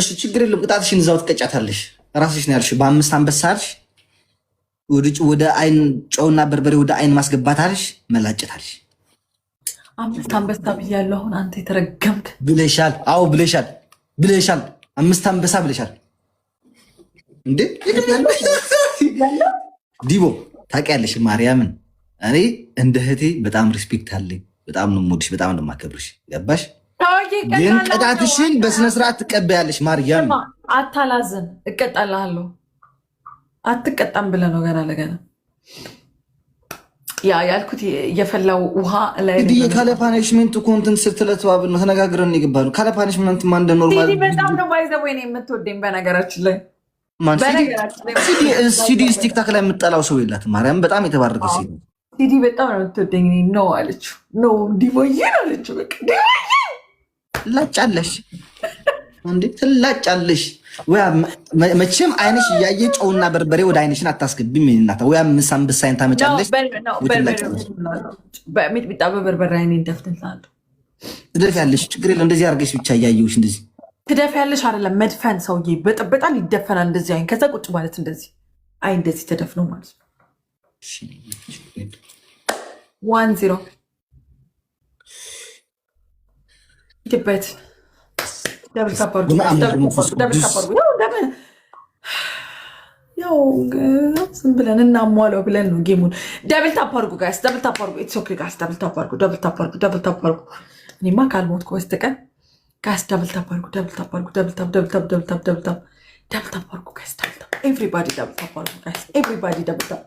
እሺ ችግር የለም። ቅጣትሽን እዛው ትቀጫታለሽ። ራስሽ ነው ያልሽ። በአምስት አንበሳ አልሽ፣ ወደ አይን ጨውና በርበሬ ወደ አይን ማስገባት አልሽ፣ መላጨት አልሽ። አምስት አንበሳ ብያለሁ። አሁን አንተ የተረገምክ ብለሻል። አዎ ብለሻል፣ ብለሻል። አምስት አንበሳ ብለሻል። እንዴ ዲቦ ታውቂያለሽ፣ ማርያምን እኔ እንደ እህቴ በጣም ሪስፔክት አለኝ። በጣም ነው የምወድሽ፣ በጣም ነው የማከብርሽ። ገባሽ? ግን ቅጣትሽን በስነስርዓት ትቀበያለሽ። ማርያም አታላዝን። እቀጣላለሁ። አትቀጣም ብለህ ነው ገና ለገና ያ ያልኩት የፈላው ውሃ ላይ ፓኒሽመንት እኮ እንትን ነው ተነጋግረን ካለ ፓኒሽመንት በጣም ነው የምትወደኝ። በነገራችን ላይ ቲክታክ ላይ የምጠላው ሰው የላትም። ማርያም በጣም የተባረከ ሲዲ በጣም ነው የምትወደኝ። አለችው፣ አለችው፣ በቃ ትላጫለሽ እንዴ? ትላጫለሽ መቼም አይንሽ እያየ ጨውና በርበሬ ወደ አይንሽን አታስገቢም። ናታ ወያ ምሳን ብሳይን ታመጫለሽ። ሚጥሚጣ በበርበሬ አይኔ አይኔን ትደፍ ያለሽ ችግር የለ እንደዚህ አርገሽ ብቻ እያየውሽ እንደዚህ ትደፍ ያለሽ አይደለም መድፈን ሰውዬ በጥበጣል ይደፈናል። እንደዚህ አይን ከዛ ቁጭ ማለት እንደዚህ አይ እንደዚህ ተደፍነው ማለት ነው ዋን ዚሮ ሂድበት ደብር ካፓርጉ ደብር ካፓርጉ ዝም ብለን እናሟለው ብለን ነው ጌሙን። ደብል ታፕ አድርጉ ጋይስ፣ ደብል ታፕ አድርጉ። ኢትስ ኦኬ ጋይስ፣ ደብል ታፕ አድርጉ፣ ደብል ታፕ አድርጉ፣ ደብል ታፕ አድርጉ። እኔማ ካልሞትኩ በስተቀር ጋይስ፣ ደብል ታፕ አድርጉ፣ ደብል ታፕ አድርጉ፣ ደብል ታፕ፣ ደብል ታፕ፣ ደብል ታፕ፣ ደብል ታፕ፣ ደብል ታፕ አድርጉ ጋይስ፣ ደብል ታፕ። ኤቭሪባዲ ደብል ታፕ አድርጉ ጋይስ፣ ኤቭሪባዲ ደብል ታፕ፣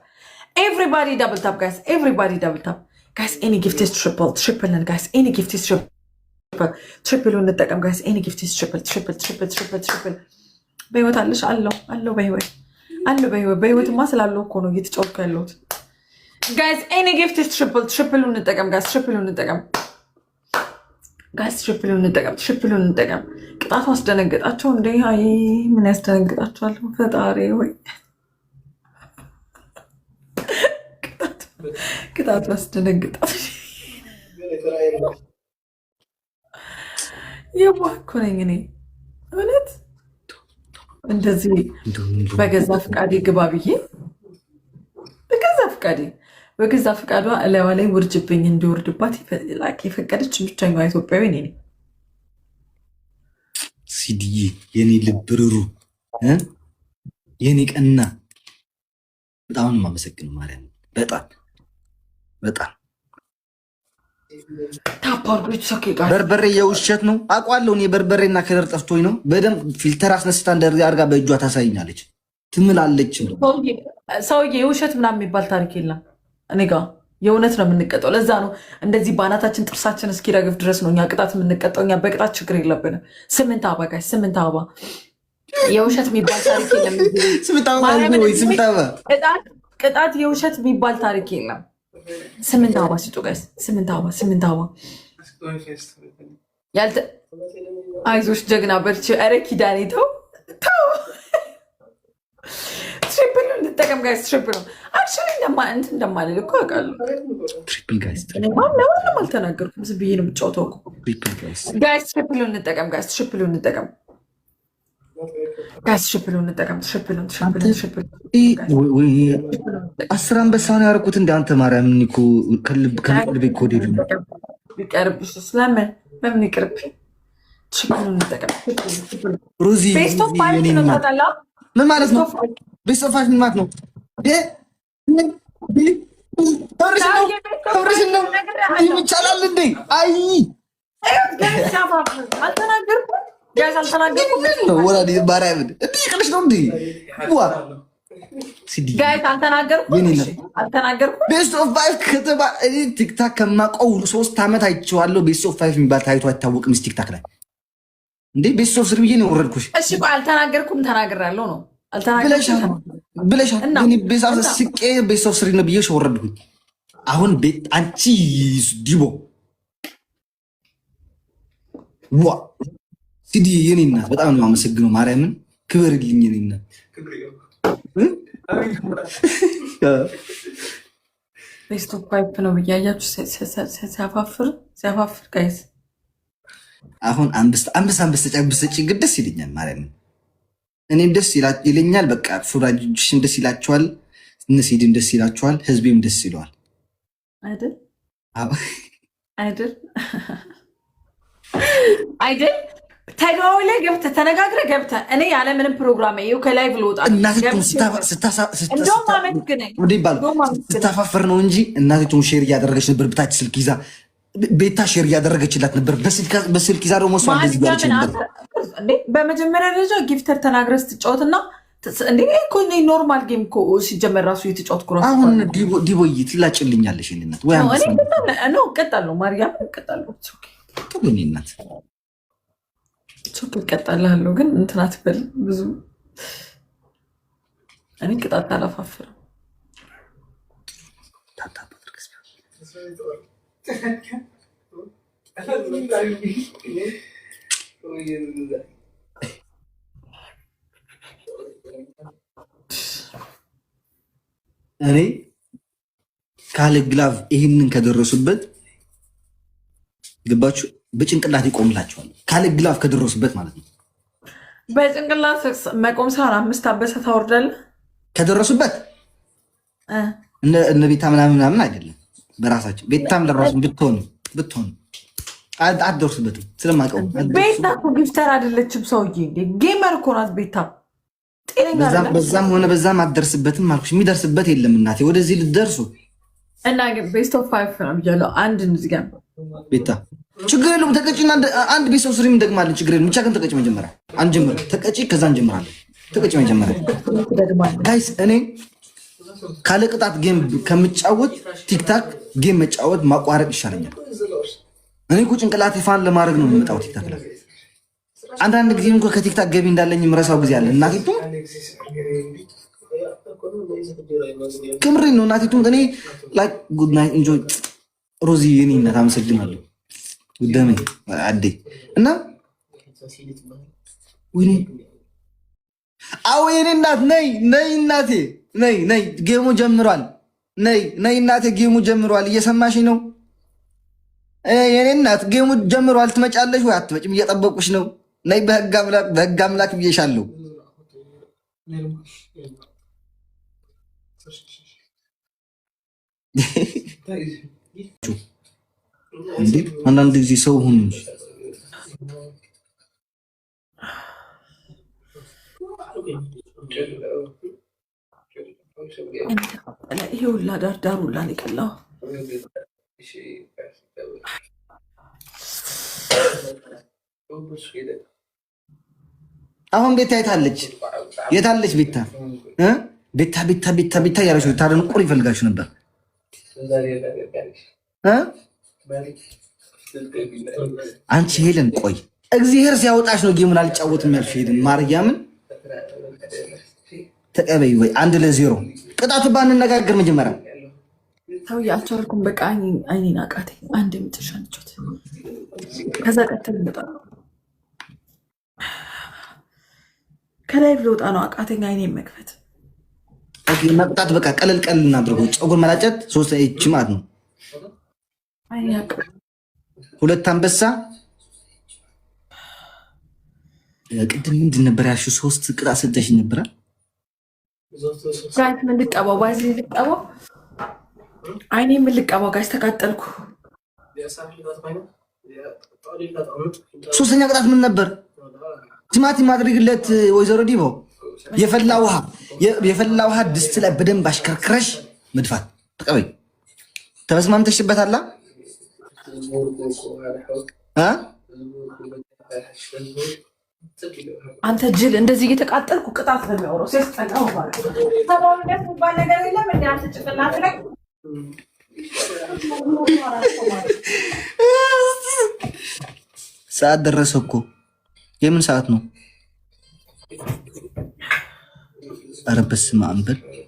ኤቭሪባዲ ደብል ታፕ ጋይስ፣ ኤቭሪባዲ ደብል ታፕ ጋይስ። ኤኒ ጊፍት ኢዝ ትሪፕል፣ ትሪፕል ነን ጋይስ፣ ኤኒ ጊፍት ኢዝ ትሪፕል ትሪፕል ጋይስ ኤኒ ጊፍት ኢዝ ትሪፕል ትሪፕል እንጠቀም ጋይስ። ኤኒ ጊፍት ትሪፕል ትሪፕል ትሪፕል ትሪፕል ትሪፕል። በህይወት አለሽ? አለው አለው በህይወት አለው በህይወት በህይወትማ ስላለው እኮ ነው እየተጫወትኩ ያለሁት ጋይስ። ኤኒ ጊፍት ትሪፕል ትሪፕል ትሪፕሉን እንጠቀም ጋይስ። ትሪፕሉን እንጠቀም ጋይስ። ትሪፕሉን እንጠቀም ትሪፕሉን እንጠቀም። ቅጣቱ አስደነገጣቸው እንደ አይ ምን ያስደነግጣቸዋል? ፈጣሪ ወይ ቅጣቱ አስደነገጣቸው የዋህ እኮ ነኝ እኔ እውነት እንደዚህ በገዛ ፍቃዴ ግባ ብዬ በገዛ ፍቃዴ በገዛ ፍቃዷ እላዋ ላይ ውርጅብኝ እንዲወርድባት የፈቀደች ብቸኛዋ ኢትዮጵያዊ እኔ ነኝ። ሲድዬ የኔ ልብ ርሩ የኔ ቀና በጣም ነው የማመሰግነው ማርያም በጣም በጣም በርበሬ የውሸት ነው አውቃለሁ። እኔ በርበሬና ከለር ጠፍቶኝ ነው። በደንብ ፊልተር አስነስታ እንደዚህ አድርጋ በእጇ ታሳይኛለች፣ ትምላለች። ሰውዬ የውሸት ምናምን የሚባል ታሪክ የለም እኔ ጋ የእውነት ነው የምንቀጠው። ለዛ ነው እንደዚህ በአናታችን ጥርሳችን እስኪረግፍ ድረስ ነው እኛ ቅጣት የምንቀጠው። እኛ በቅጣት ችግር የለብንም። ስምንት አበባ ስምንት አበባ የውሸት የሚባል ታሪክ የለም። ቅጣት የውሸት የሚባል ታሪክ የለም። ስምንት አበባ ስጡ ጋይስ፣ ስምንት አበባ ስምንት አበባ። አይዞሽ ጀግና በርቺ። ኧረ ኪዳኔ ተው ተው። ትሪፕል እንድጠቀም ጋይስ፣ ትሪፕል ነው አክቹዋሊ። እንትን እንደማልል እኮ አውቃለሁ። ለማንም አልተናገርኩም። ዝም ብዬሽ ነው የምጫወተው እኮ ጋይስ። ትሪፕል እንጠቀም ጋይስ፣ ትሪፕል እንጠቀም ጋስ ሽፕሉን እንጠቀም። ሽፕሉን ሽፕሉን ሽፕሉን አስር አንበሳ ነው ያደረኩት። እንደ አንተ ማርያም እኮ ከልብ እኮ ወደ ሄዱ ይቀርብሽ። ስለምን ለምን ይቅርብ? ሽፕሉን እንጠቀም። ሮዚ ምን ማለት ነው? ቤስት ኦፍ ፋይቭ ማለት ነው? ነው ይቻላል እንዴ? አይ ጋይዝ አልተናገርኩም። ምንድን ነው ወላሂ ቲክታክ ከማውቀው ሶስት ዓመት አይቼዋለሁ። ቤስት ኦፍ ፋይቭ የሚባል ታይቶ አይታወቅም። ስ ቲክታክ ላይ እንዴ ቤስት ኦፍ ስር ብዬ ነው ወረድኩሽ። እሺ አልተናገርኩም፣ ተናግሬያለሁ ነው ብለሻል። ቤስት ስቄ ቤስት ኦፍ ስሪ ነው ብዬሽ ወረድኩኝ። አሁን አንቺ ዲቦ ዋ ሲዲ የኔ እናት በጣም ነው አመሰግነው። ማርያምን ክበርልኝ የኔ እናት። ፌስቡክ ፓይፕ ነው ብያያችሁ ሲያፋፍር ሲያፋፍር ጋይስ አሁን አንበስ አንበስ ተጫብስ ተጭ ግን ደስ ይለኛል። ማርያምን እኔም ደስ ይለኛል። በቃ ሱራጅሽም ደስ ይላችኋል፣ እነሲድም ደስ ይላችኋል፣ ህዝቤም ደስ ይለዋል። አይደል አይደል አይደል ተጋው ላይ ገብተህ ተነጋግረህ እኔ ያለ ምንም ፕሮግራም ይኸው ከላይቭ ልወጣ ስታፋፍር ነው እንጂ እናቲቱን ሼር እያደረገች ነበር። ብታች ስልክ ይዛ ቤታ ሼር እያደረገችላት ነበር። በስልክ ይዛ ደግሞ ሷ እንደዚህ ያለች ነበር። በመጀመሪያ ደረጃ ጊፍተር ተናግረህ ስትጫወት ኖርማል ጌም እኮ ሲጀመር ራሱ የተጫወትኩ እራሱ አሁን ዲቦይ ትላጭልኛለሽ ነት ወይ ቀጣለሁ ማርያም ቀጣለሁ ቀጣለሁ ናት እቀጣልሃለሁ፣ ግን እንትን አትበል። ብዙ እኔ ቅጣት አላፋፍርም። እኔ ካለ ግላቭ ይህንን ከደረሱበት ገባችሁ በጭንቅላት ይቆምላቸዋል። ካለ ግላፍ ከደረሱበት ማለት ነው። በጭንቅላት መቆም ሳይሆን አምስት አንበሳ ታወርዳለህ። ከደረሱበት እነ ቤታ ምናምን ምናምን አይደለም። በራሳቸው ቤታም ለራሱ ብትሆኑ ብትሆኑ አትደርሱበትም። ስለማቀው ቤታ ጊፍተር አይደለችም። ሰውዬ ጌመር እኮ ናት ቤታ። በዛም ሆነ በዛም አትደርስበትም አልኩሽ። የሚደርስበት የለም እናቴ። ወደዚህ ልደርሱ እና ቤስት ኦፍ ፋይቭ ነው ያለው አንድ ቤታ ችግር የለውም። ተቀጭና አንድ ቤተሰብ ስሪ እንደግማለን። ችግር የለውም። ብቻ ግን ተቀጭ መጀመሪያ አንጀምር። ተቀጭ ከዛ እንጀምራለን። ተቀጭ መጀመሪያ ጋይስ፣ እኔ ካለ ቅጣት ጌም ከምጫወት ቲክታክ ጌም መጫወት ማቋረጥ ይሻለኛል። እኔ እኮ ጭንቅላቴ ፋን ለማድረግ ነው የምመጣው ቲክታክ ላይ። አንዳንድ ጊዜ እንኳ ከቲክታክ ገቢ እንዳለኝ ምረሳው ጊዜ አለ። እናቴቱ ክምሬ ነው እናቴቱ። እኔ ላይክ ጉድ ናይት ኢንጆይ ሮዚ የኔነት አመሰግናለሁ ደሜ አዴ እና ወይኔ አዎ የኔ እናት ነይ ነይ እናቴ ነይ ነይ ጌሙ ጀምሯል። ነይ ነይ እናቴ ጌሙ ጀምሯል። እየሰማሽ ነው የኔ እናት ጌሙ ጀምሯል። ትመጫለሽ ወይ አትመጭም? እየጠበቁሽ ነው። ነይ በህግ አምላክ ብዬሻለሁ። እንዴት አንዳንድ ጊዜ ሰው ሁኑ እንጂ ይሄ ሁላ ዳርዳር ሁላ የቀላው አሁን ቤታ የታለች? የታለች ቤታ ቤታ ቤታ ቤታ ቤታ እያለች ቁር ይፈልጋችሁ ነበር። አንቺ ሄለን ቆይ እግዚአብሔር ሲያወጣሽ ነው ጌሙን አልጫወትም ያልሽ ሄለን ማርያምን ተቀበይ ወይ አንድ ለዜሮ ቅጣቱ ባንነጋገር መጀመሪያ ተው አልቻልኩም በቃ አይኔን አቃቴ አንድ የምጥሻ ንቾት ከዛ ቀጥል ልወጣ ከላይ ልወጣ ነው አቃተኝ አይኔን መክፈት መቅጣት በቃ ቀለል ቀለል እናድርገው ፀጉር መላጨት ሶስት ይቺ ማለት ነው ሁለት አንበሳ ቅድም ምንድን ነበር ያልሽው? ሶስት ቅጣት ሰጠሽ ነበራል። ምን ልቀባው? ባዝ ልቀባው? አይኔ ምን ልቀባው? ጋሽ ተቃጠልኩ። ሶስተኛ ቅጣት ምን ነበር? ቲማቲም አድርግለት ወይዘሮ ዲቦ የፈላ ውሃ የፈላ ውሃ ድስት ላይ በደንብ አሽከርክረሽ መድፋት። ተቀበይ አላ አንተ ጅል እንደዚህ እየተቃጠልኩ ቅጣት ነው የሚያወራው። ሲያስጠላው ነገር የለም አንተ ጭቅላት ላይ ሰዓት ደረሰ እኮ የምን ሰዓት ነው? ኧረ በስመ አብ በል